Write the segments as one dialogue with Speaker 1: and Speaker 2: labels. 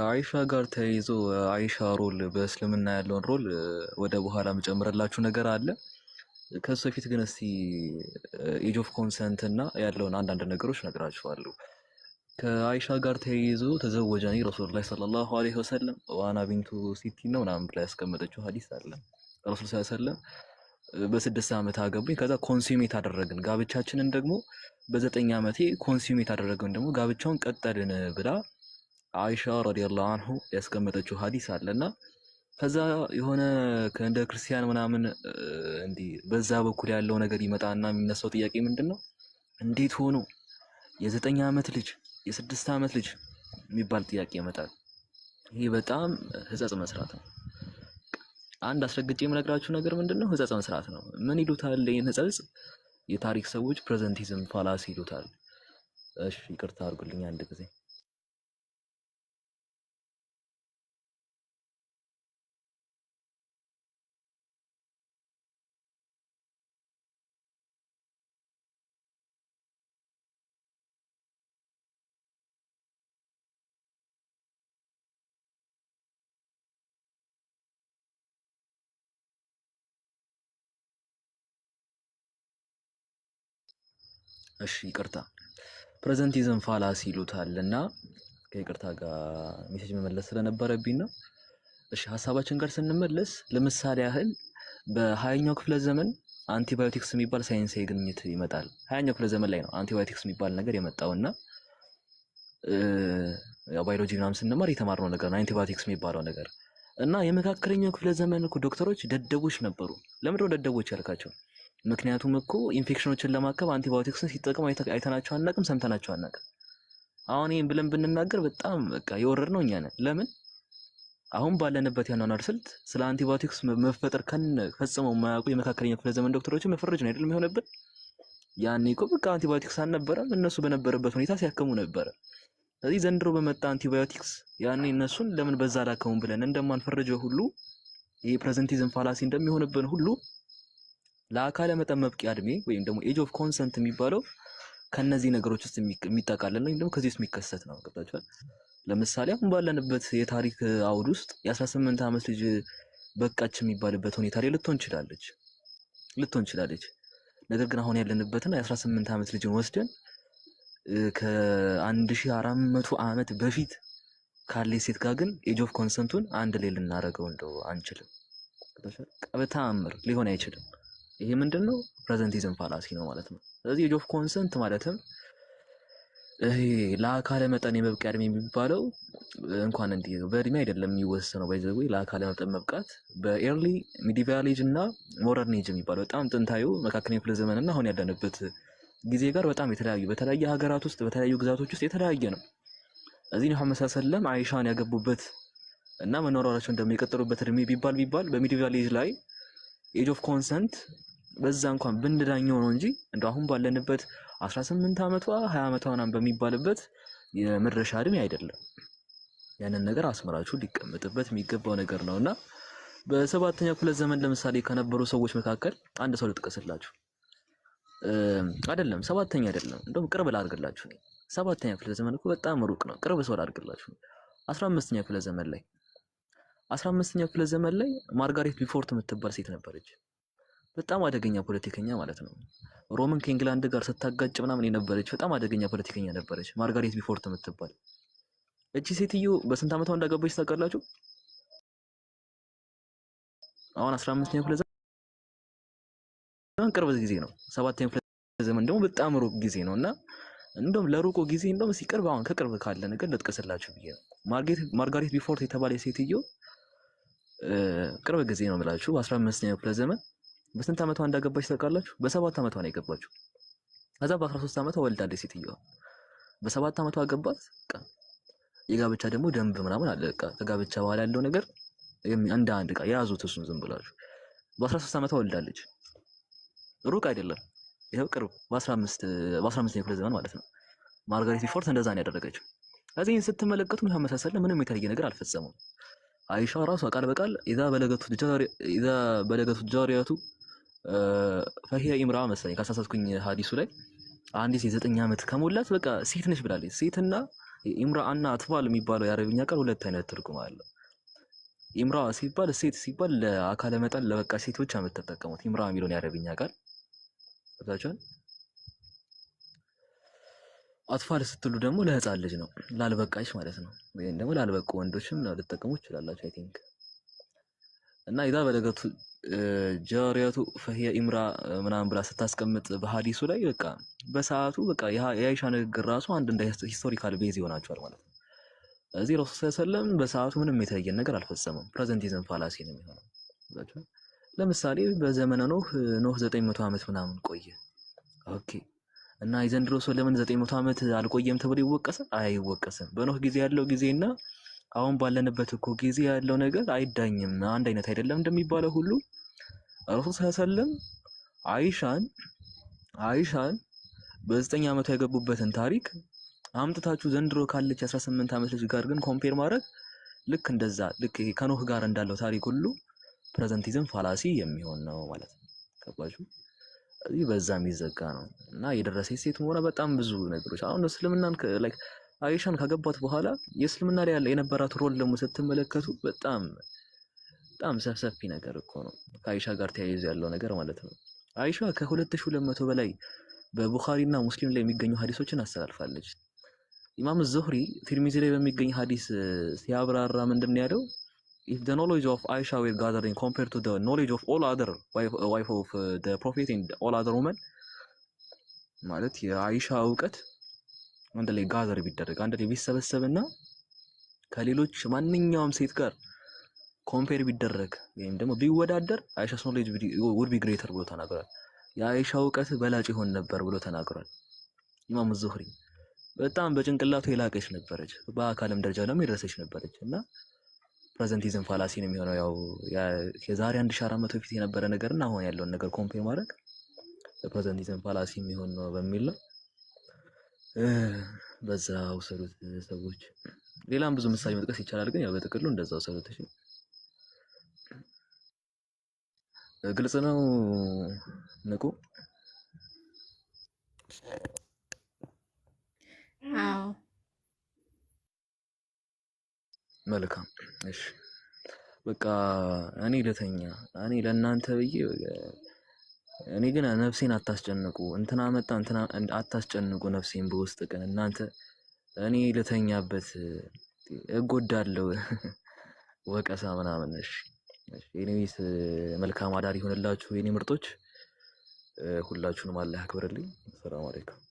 Speaker 1: ከአይሻ ጋር ተያይዞ አይሻ ሮል በእስልምና ያለውን ሮል ወደ በኋላ መጨምረላችሁ ነገር አለ። ከሱ በፊት ግን እስቲ ኤጅ ኦፍ ኮንሰንት እና ያለውን አንዳንድ ነገሮች ነግራችኋለሁ። ከአይሻ ጋር ተያይዞ ተዘወጀኒ ረሱሉ ላይ ሰለላሁ ዐለይሂ ወሰለም ዋና ቢንቱ ሲቲ ነው ምናምን ላይ ያስቀመጠችው ሀዲስ አለ። ረሱል ስ ሰለም በስድስት ዓመት አገቡኝ፣ ከዛ ኮንሱሜት አደረግን ጋብቻችንን ደግሞ በዘጠኝ ዓመቴ ኮንሱሜት አደረግን ደግሞ ጋብቻውን ቀጠልን ብላ አይሻ ረዲየላሁ አንሁ ያስቀመጠችው ሀዲስ አለና ከዛ የሆነ እንደ ክርስቲያን ምናምን እንዲህ በዛ በኩል ያለው ነገር ይመጣና የሚነሳው ጥያቄ ምንድን ነው? እንዴት ሆኖ የዘጠኝ ዓመት ልጅ የስድስት ዓመት ልጅ የሚባል ጥያቄ ይመጣል። ይህ በጣም ህጸጽ መስራት ነው። አንድ አስረግጬ የምነግራችሁ ነገር ምንድን ነው? ህጸጽ መስራት ነው። ምን ይሉታል? ይህን ህጸጽ የታሪክ ሰዎች ፕሬዘንቲዝም ፋላሲ ይሉታል። እሺ ይቅርታ አድርጉልኝ አንድ ጊዜ እሺ ይቅርታ ፕሬዘንቲዝም ፋላሲ ይሉታል እና ከይቅርታ ጋር ሜሴጅ መመለስ ስለነበረብኝ ነው። እሺ ሀሳባችን ጋር ስንመለስ ለምሳሌ ያህል በሀያኛው ክፍለ ዘመን አንቲባዮቲክስ የሚባል ሳይንሳዊ ግኝት ይመጣል። ሀያኛው ክፍለ ዘመን ላይ ነው አንቲባዮቲክስ የሚባል ነገር የመጣው እና ባዮሎጂ ምናምን ስንማር የተማርነው ነገር ነው አንቲባዮቲክስ የሚባለው ነገር እና የመካከለኛው ክፍለ ዘመን እኮ ዶክተሮች ደደቦች ነበሩ። ለምንድነው ደደቦች ያልካቸው? ምክንያቱም እኮ ኢንፌክሽኖችን ለማከብ አንቲባዮቲክስን ሲጠቅም አይተናቸው አናቅም፣ ሰምተናቸው አናቅም። አሁን ይህን ብለን ብንናገር በጣም በቃ የወረድ ነው እኛ ነን። ለምን አሁን ባለንበት ያኗኗር ስልት ስለ አንቲባዮቲክስ መፈጠር ከን ፈጽመው የማያውቁ የመካከለኛ ክፍለ ዘመን ዶክተሮችን መፈረጅ ነው አይደለም የሆነብን። ያኔ እኮ በቃ አንቲባዮቲክስ አልነበረም፣ እነሱ በነበረበት ሁኔታ ሲያከሙ ነበረ። ስለዚህ ዘንድሮ በመጣ አንቲባዮቲክስ ያኔ እነሱን ለምን በዛ አላከሙ ብለን እንደማንፈረጀ ሁሉ ይህ ፕሬዘንቲዝም ፋላሲ እንደሚሆንብን ሁሉ ለአካለ መጠን መብቂያ እድሜ ወይም ደግሞ ኤጅ ኦፍ ኮንሰንት የሚባለው ከነዚህ ነገሮች ውስጥ የሚጠቃለል ነው ወይም ደግሞ ከዚህ ውስጥ የሚከሰት ነው። ገብታችኋል? ለምሳሌ አሁን ባለንበት የታሪክ አውድ ውስጥ የ18 ዓመት ልጅ በቃች የሚባልበት ሁኔታ ላይ ልትሆን ችላለች ልትሆን ችላለች። ነገር ግን አሁን ያለንበትን የ18 ዓመት ልጅን ወስደን ከ1400 ዓመት በፊት ካለ ሴት ጋር ግን ኤጅ ኦፍ ኮንሰንቱን አንድ ላይ ልናደርገው እንደው አንችልም። አምር ሊሆን አይችልም። ይሄ ምንድን ነው? ፕሬዘንቲዝም ፋላሲ ነው ማለት ነው። ስለዚህ ኤጅ ኦፍ ኮንሰንት ማለትም ይሄ ለአካለ መጠን የመብቂያ እድሜ የሚባለው እንኳን እንዲህ በእድሜ አይደለም የሚወሰነው። ባይዘ ለአካለ መጠን መብቃት በኤርሊ ሚዲቫል ኤጅ እና ሞደርን ኤጅ የሚባለው በጣም ጥንታዩ መካከለኛው ክፍለ ዘመን እና አሁን ያለንበት ጊዜ ጋር በጣም የተለያዩ በተለያየ ሀገራት ውስጥ በተለያዩ ግዛቶች ውስጥ የተለያየ ነው። እዚህ መሐመድ ሰለም አይሻን ያገቡበት እና መኖራቸው እንደሚቀጥሉበት እድሜ ቢባል ቢባል በሚዲቫል ኤጅ ላይ ኤጅ ኦፍ ኮንሰንት በዛ እንኳን ብንዳኘው ነው እንጂ እንደ አሁን ባለንበት 18 ዓመቷ 20 ዓመቷ ምናምን በሚባልበት የመድረሻ እድሜ አይደለም። ያንን ነገር አስመራችሁ ሊቀመጥበት የሚገባው ነገር ነው እና በሰባተኛ ክፍለ ዘመን ለምሳሌ ከነበሩ ሰዎች መካከል አንድ ሰው ልጥቀስላችሁ። አይደለም ሰባተኛ አይደለም፣ እንደውም ቅርብ ላድርግላችሁ። ሰባተኛ ክፍለ ዘመን እኮ በጣም ሩቅ ነው፣ ቅርብ ሰው ላድርግላችሁ። አስራ አምስተኛ ክፍለ ዘመን ላይ አስራ አምስተኛው ክፍለ ዘመን ላይ ማርጋሬት ቢፎርት የምትባል ሴት ነበረች። በጣም አደገኛ ፖለቲከኛ ማለት ነው። ሮምን ከእንግላንድ ጋር ስታጋጭ ምናምን የነበረች በጣም አደገኛ ፖለቲከኛ ነበረች፣ ማርጋሬት ቢፎርት የምትባል እቺ ሴትዮ በስንት ዓመቷ እንዳገባች ታውቃላችሁ? አሁን አስራ አምስተኛው ክፍለ ዘመን ቅርብ ጊዜ ነው። ሰባተኛው ክፍለ ዘመን ደግሞ በጣም ሩቅ ጊዜ ነው እና እንደውም ለሩቆ ጊዜ እንደውም ሲቀርብ አሁን ከቅርብ ካለ ነገር ልጥቀስላችሁ ብዬ ነው። ማርጋሬት ቢፎርት የተባለ ሴትዮ ቅርብ ጊዜ ነው የምላችሁ። በአስራ አምስተኛው ክፍለ ዘመን በስንት ዓመቷ እንዳገባች ታውቃላችሁ? በሰባት ዓመቷ ነው የገባችሁ። ከዛ በአስራ ሶስት ዓመቷ ወልዳለች ሴትዮዋ። በሰባት ዓመቷ አገባት። የጋብቻ ደግሞ ደንብ ምናምን አለ። ከጋብቻ በኋላ ያለው ነገር እንደ አንድ ዕቃ የያዙት እሱን ዝም ብላችሁ። በአስራ ሶስት ዓመቷ ወልዳለች። ሩቅ አይደለም፣ ይኸው ቅርብ። በአስራ አምስተኛው ክፍለ ዘመን ማለት ነው። ማርጋሬት ቢፎርት እንደዛ ነው ያደረገችው። ከዚህን ስትመለከቱ መመሳሰል ምንም የተለየ ነገር አልፈጸሙም። አይሻ ራሷ ቃል በቃል ኢዛ በለገቱ ጃሪያቱ ፈሂያ ኢምራ መሰለኝ ካሳሳትኩኝ ሀዲሱ ላይ አንዲት የዘጠኝ ዓመት ከሞላት በቃ ሴት ነች ብላለች። ሴትና ኢምራአና አትፋል የሚባለው የአረብኛ ቃል ሁለት አይነት ትርጉም አለው። ኢምራ ሲባል ሴት ሲባል ለአካለ መጠን ለበቃ ሴቶች የምትጠቀሙት ኢምራ የሚለውን የአረብኛ ቃል አጥፋል ስትሉ ደግሞ ለህፃን ልጅ ነው ላልበቃች ማለት ነው። ወይም ደግሞ ላልበቁ ወንዶችም ልጠቀሙ ይችላላችሁ። አይ ቲንክ እና ኢዛ በለገቱ ጃሪያቱ ፈሂያ ኢምራ ምናምን ብላ ስታስቀምጥ በሀዲሱ ላይ በቃ በሰዓቱ በቃ የአይሻ ንግግር ራሱ አንድ እንደ ሂስቶሪካል ቤዝ ይሆናቸዋል ማለት ነው። እዚህ ረሱ ሰለም በሰዓቱ ምንም የተለየን ነገር አልፈጸመም። ፕሬዘንቲዝም ፋላሲ ነው የሚሆነው። ለምሳሌ በዘመነ ኖህ ኖህ ዘጠኝ መቶ ዓመት ምናምን ቆየ። ኦኬ እና የዘንድሮ ሰው ለምን ዘጠኝ መቶ ዓመት አልቆየም ተብሎ ይወቀሳል? አይወቀስም። በኖህ ጊዜ ያለው ጊዜና አሁን ባለንበት እኮ ጊዜ ያለው ነገር አይዳኝም፣ አንድ አይነት አይደለም እንደሚባለው ሁሉ ረሱል ሰለም አይሻን አይሻን በዘጠኝ ዓመቷ የገቡበትን ታሪክ አምጥታችሁ ዘንድሮ ካለች 18 ስምንት ዓመት ልጅ ጋር ግን ኮምፔር ማድረግ ልክ እንደዛ ልክ ከኖህ ጋር እንዳለው ታሪክ ሁሉ ፕሬዘንቲዝም ፋላሲ የሚሆን ነው ማለት ነው። ገባችሁ? ስለዚህ በዛ የሚዘጋ ነው እና የደረሰ ሴት ሆነ በጣም ብዙ ነገሮች አሁን እስልምናን አይሻን ካገባት በኋላ የእስልምና ላይ ያለ የነበራት ሮል ደግሞ ስትመለከቱ በጣም በጣም ሰፍሰፊ ነገር እኮ ነው። ከአይሻ ጋር ተያይዞ ያለው ነገር ማለት ነው። አይሻ ከ2200 በላይ እና ሙስሊም ላይ የሚገኙ ሀዲሶችን አስተላልፋለች። ኢማም ዙህሪ ትርሚዚ ላይ በሚገኝ ሀዲስ ሲያብራራ ምንድን ነው ያለው? if the knowledge of Aisha were gathering compared to the knowledge of all other wife, uh, wife of uh, the prophet and all other women ማለት የአይሻ እውቀት አንድ ላይ ጋዘር ቢደረግ አንድ ላይ ቢሰበሰብና ከሌሎች ማንኛውም ሴት ጋር ኮምፔር ቢደረግ ወይም ደግሞ ቢወዳደር አይሻስ ኖሌጅ ውድ ቢ ግሬተር ብሎ ተናግሯል። የአይሻ እውቀት በላጭ ይሆን ነበር ብሎ ተናግሯል ኢማም ዙህሪ። በጣም በጭንቅላቱ የላቀች ነበረች፣ በአካልም ደረጃ ደግሞ የደረሰች ነበረች እና ፕረዘንቲዝም ፋላሲ ነው የሚሆነው። ያው የዛሬ አንድ ሺህ አራት መቶ ፊት የነበረ ነገር እና አሁን ያለውን ነገር ኮምፔር ማድረግ ፕረዘንቲዝም ፋላሲ የሚሆን ነው በሚል ነው በዛ ውሰዱት ሰዎች። ሌላም ብዙ ምሳሌ መጥቀስ ይቻላል፣ ግን ያው በጥቅሉ እንደዛ ውሰዱት። እሺ ግልጽ ነው። ንቁ አዎ መልካም እሺ በቃ እኔ ልተኛ እኔ ለእናንተ ብዬ እኔ ግን ነፍሴን አታስጨንቁ እንትና መጣ እንትና አታስጨንቁ ነፍሴን በውስጥ ቀን እናንተ እኔ ልተኛበት እጎዳለሁ ወቀሳ ምናምን እሺ ኤኒዌይስ መልካም አዳር ይሆንላችሁ የኔ ምርጦች ሁላችሁንም አላህ ያክብርልኝ ሰላም አለይኩም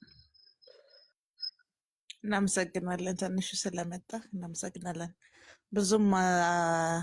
Speaker 2: እናመሰግናለን ትንሹ ስለመጣ እናመሰግናለን بزم